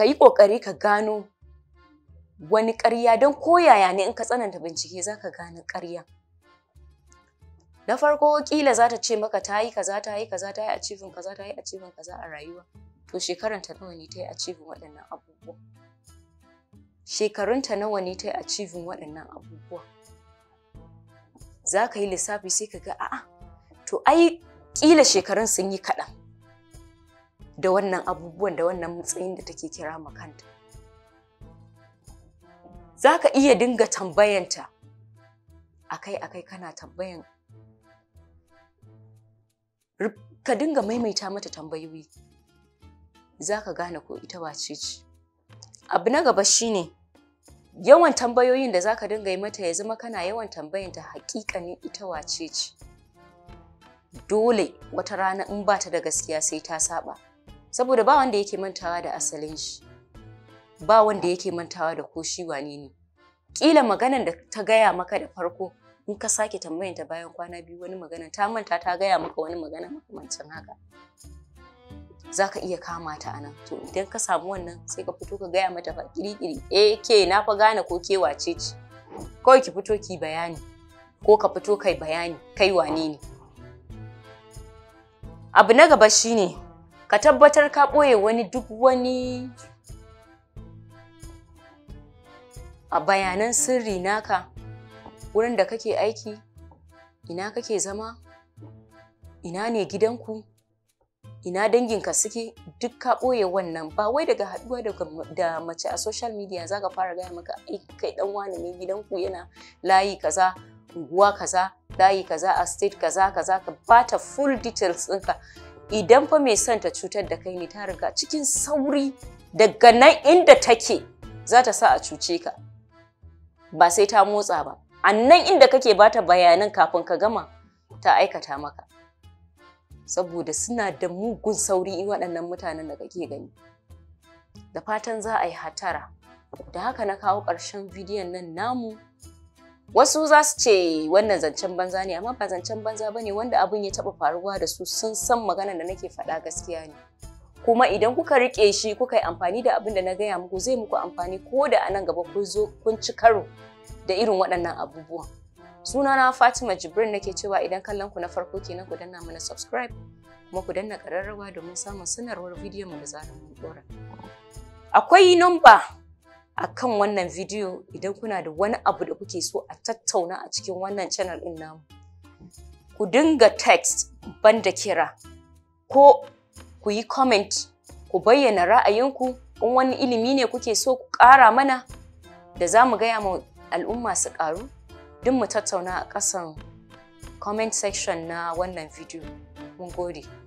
ka yi ƙoƙari ka gano wani ƙarya don koyaya ne in ka tsananta bincike za ka gano ƙarya. Na farko ƙila za ta ce maka ta yi kaza ta yi kaza ta yi achieving kaza ta yi achieving kaza a rayuwa. To ta nawa ne ta yi achieving waɗannan abubuwa? ta nawa ne ta yi achieving waɗannan abubuwa? Za ka yi lissafi sai ka ga a'a to ai ƙila shekarun sun yi kaɗan. da wannan abubuwan da wannan matsayin da take kira ma kanta za ka iya dinga tambayanta akai-akai kana tambayan ka dinga maimaita mata tambayoyi za ka gane ko ita wace ce abu na gaba shine yawan tambayoyin da za ka dinga yi mata ya zama kana yawan tambayanta haƙiƙanin ita wace ce dole wata rana in ba ta da gaskiya sai ta saba saboda ba wanda yake mantawa da asalin shi ba wanda yake mantawa da ko shi wane ne kila maganan da ta gaya maka da farko in ka sake tambayanta bayan kwana biyu wani magana ta manta ta gaya maka wani magana makamancin haka za ka iya kama ta anan to idan ka samu wannan sai ka fito ka gaya mata ba kirikiri eh ke na fa gane ko ke wace ce kawai ki fito ki bayani ko ka fito kai bayani kai wane ne abu na gaba shine ka tabbatar ka ɓoye wani duk wani a bayanan sirri naka wurin da kake aiki ina kake zama ina ne gidanku ina danginka suke duk ka ɓoye wannan ba wai daga haɗuwa da mace a social media za ka fara gaya maka kai ɗan wani ne gidanku yana layi kaza unguwa kaza layi kaza a state kaza kaza ka bata full details ɗinka idan fa mai son ta cutar da kai ne ta riga cikin sauri daga nan inda take za ta sa a cuce ka ba sai ta motsa ba a nan inda kake bata bayanan kafin ka gama ta aikata maka saboda suna da mugun sauri in waɗannan mutanen da kake gani da fatan za a yi hatara da haka na kawo ƙarshen bidiyon nan namu wasu za su ce wannan zancen banza ne amma ba zancen banza ba ne wanda abin ya taɓa faruwa da su sun san magana da nake faɗa gaskiya ne kuma idan kuka riƙe shi kuka yi amfani da abin da na gaya muku zai muku amfani ko da a nan gaba kun zo kun ci karo da irin waɗannan abubuwan na fatima jibrin nake cewa idan kallon ku na farko kenan ku danna mana subscribe kuma ku danna ƙararrawa domin samun sanarwar bidiyon mu da zarar mu ɗora akwai number a kan wannan video idan kuna da wani abu da kuke so a tattauna a cikin wannan channel ɗin namu. Ku dinga text banda kira ko ku yi comment ku bayyana ra'ayinku in wani ilimi ne kuke so ku ƙara mana da za mu gaya ma al'umma su ƙaru duk mu tattauna a ƙasan comment section na wannan video Mun gode.